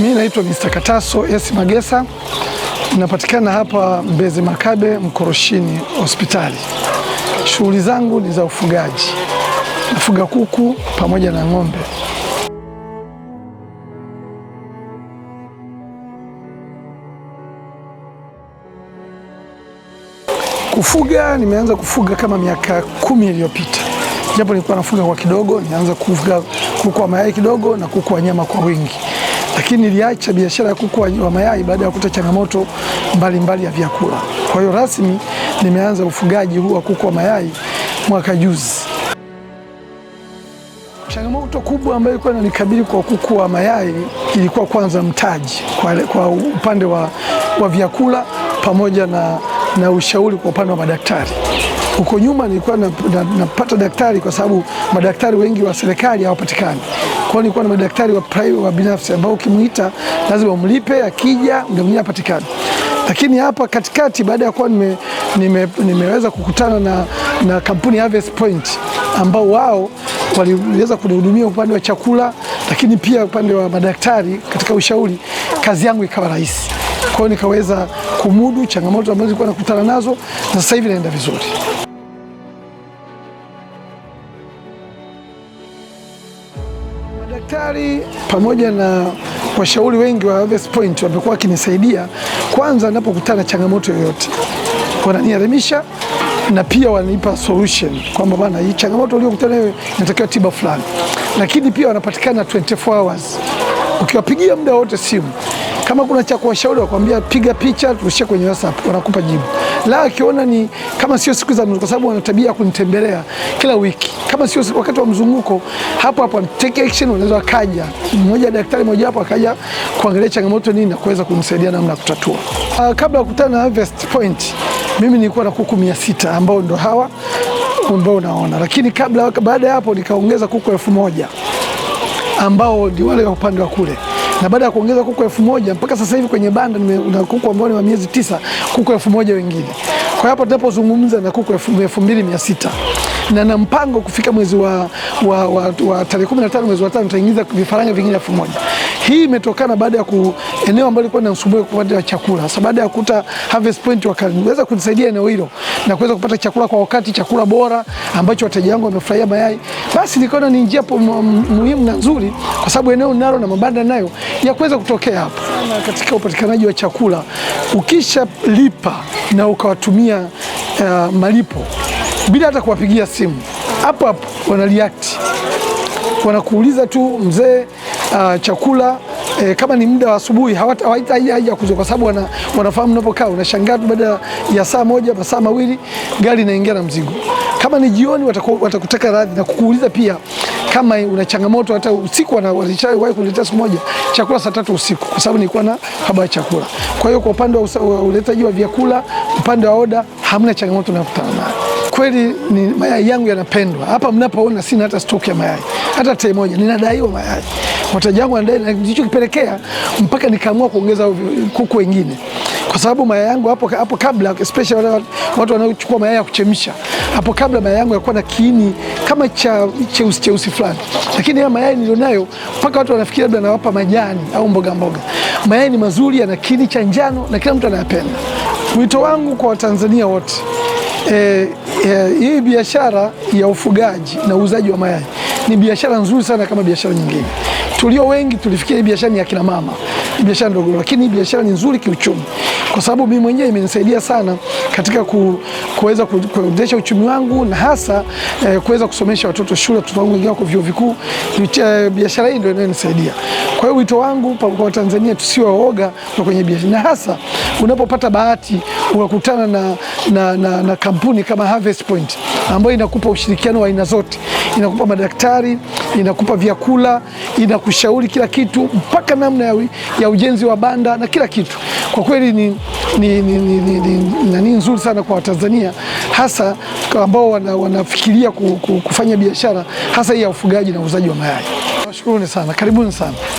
Mimi naitwa Mr. Kataso Esi Magesa, napatikana hapa Mbezi Makabe Mkoroshini hospitali. Shughuli zangu ni za ufugaji, nafuga kuku pamoja na ng'ombe. Kufuga nimeanza kufuga kama miaka kumi iliyopita, japo nilikuwa nafuga kwa kidogo. Nianza kufuga kuku wa mayai kidogo na kuku wa nyama kwa wingi lakini niliacha biashara ya kuku wa mayai baada ya kukuta changamoto mbalimbali mbali ya vyakula. Kwa hiyo rasmi nimeanza ufugaji huu wa kuku wa mayai mwaka juzi. Changamoto kubwa ambayo ilikuwa inanikabili kwa kuku wa mayai ilikuwa kwanza mtaji kwa, kwa upande wa, wa vyakula pamoja na, na ushauri kwa upande wa madaktari. Huko nyuma nilikuwa napata na, na daktari kwa sababu madaktari wengi wa serikali hawapatikani. Kwa nilikuwa na madaktari wa private wa binafsi ambao ukimuita lazima umlipe, akija ndio mwenyewe apatikane. Lakini hapa katikati baada ya kuwa nime, nime, nimeweza kukutana na, na kampuni Harvest Point ambao wao waliweza kunihudumia upande wa chakula, lakini pia upande wa madaktari katika ushauri, kazi yangu ikawa rahisi. Kwa hiyo nikaweza kumudu changamoto ambazo nilikuwa nakutana nazo na sasa hivi naenda vizuri. Daktari pamoja na washauri wengi wa Harvest Point wamekuwa wakinisaidia. Kwanza ninapokutana changamoto yoyote, wananielimisha na pia wananipa solution kwamba bwana, hii changamoto uliyokutana nayo inatakiwa tiba fulani, lakini pia wanapatikana 24 hours ukiwapigia muda wote simu kama kuna cha kuwashauri, wakwambia piga picha, turushie kwenye WhatsApp, wanakupa jibu. La akiona ni kama sio siku za mzunguko, kwa sababu wana tabia ya kunitembelea kila wiki, kama sio wakati wa mzunguko, hapo hapo take action, unaweza wakaja mmoja daktari mmoja hapo akaja kuangalia changamoto nini na kuweza kumsaidia namna ya kutatua. Uh, kabla ya kukutana na Harvest Point mimi nilikuwa na kuku 600 ambao ndo hawa ambao unaona, lakini kabla baada ya hapo nikaongeza kuku elfu moja ambao ndio wale wa upande wa kule na baada ya kuongeza kuku elfu moja mpaka sasa hivi kwenye banda nina kuku ambao ni wa miezi tisa, kuku elfu moja wengine. Kwa hapo hapa tunapozungumza na kuku elfu mbili mia sita na na mpango kufika mwezi wa, wa, wa, wa tarehe 15 mwezi wa tano tutaingiza vifaranga vingine elfu moja. Hii imetokana baada ya ku eneo ambalo lilikuwa linanisumbua kwa upande wa chakula. Sasa baada ya kuta Harvest Point wakaweza kunisaidia eneo hilo na kuweza kupata chakula kwa wakati, chakula bora ambacho wateja wangu wamefurahia mayai, basi nikaona ni njia muhimu na nzuri, kwa sababu eneo ninalo na mabanda nayo ya kuweza kutokea hapa katika upatikanaji wa chakula, ukishalipa na ukawatumia kufanyia uh, malipo bila hata kuwapigia simu, hapo hapo wana react, wanakuuliza tu mzee, uh, chakula E, kama ni muda wa asubuhi hawataita haja kuja kwa sababu wana, wanafahamu unapokaa. Unashangaa tu baada ya saa moja masaa mawili gari inaingia na mzigo. Kama ni jioni watakutaka radhi na kukuuliza pia kama una changamoto hata usiku. Walishawahi kuleta siku moja chakula saa tatu usiku kwa sababu nilikuwa na haba ya chakula. Kwa hiyo kwa upande wa uletaji wa vyakula upande wa oda hamna changamoto unayokutana nayo. Kweli ni mayai yangu yanapendwa. Hapa mnapoona sina hata stoki ya mayai hata tei moja, ninadaiwa mayai, wateja wangu wanadai, na kilichokipelekea mpaka nikaamua kuongeza kuku wengine kwa sababu mayai yangu hapo, hapo kabla especially watu wanaochukua mayai ya kuchemsha, hapo kabla mayai yangu yalikuwa na kiini kama cha cheusi cheusi fulani, lakini haya mayai nilionayo mpaka watu wanafikiri labda nawapa majani au mboga mboga. Mayai ni mazuri, yana kiini cha njano na kila mtu anayapenda. Wito wangu kwa Watanzania wote e, e, hii biashara ya ufugaji na uuzaji wa mayai ni biashara nzuri sana kama biashara nyingine tulio wengi tulifikia biashara ni ya kina mama, biashara ndogo, lakini biashara ni nzuri kiuchumi, kwa sababu mimi mwenyewe imenisaidia sana katika ku, kuweza kuendesha uchumi wangu na hasa eh, kuweza kusomesha watoto shule, watoto wangu wengine wako vyuo vikuu. Eh, biashara hii ndio inayonisaidia. Kwa hiyo wito wangu kwa Watanzania tusiwe oga kwa kwenye biashara, na hasa unapopata bahati unakutana na, na, na, na kampuni kama Harvest Point ambayo inakupa ushirikiano wa aina zote, inakupa madaktari, inakupa vyakula, inakushauri kila kitu mpaka namna ya, ya ujenzi wa banda na kila kitu. Kwa kweli ni ni, ni, ni, ni, ni, ni nzuri sana kwa Watanzania hasa ambao wana, wanafikiria kufanya biashara hasa hii ya ufugaji na uuzaji wa mayai. Nashukuruni sana, karibuni sana.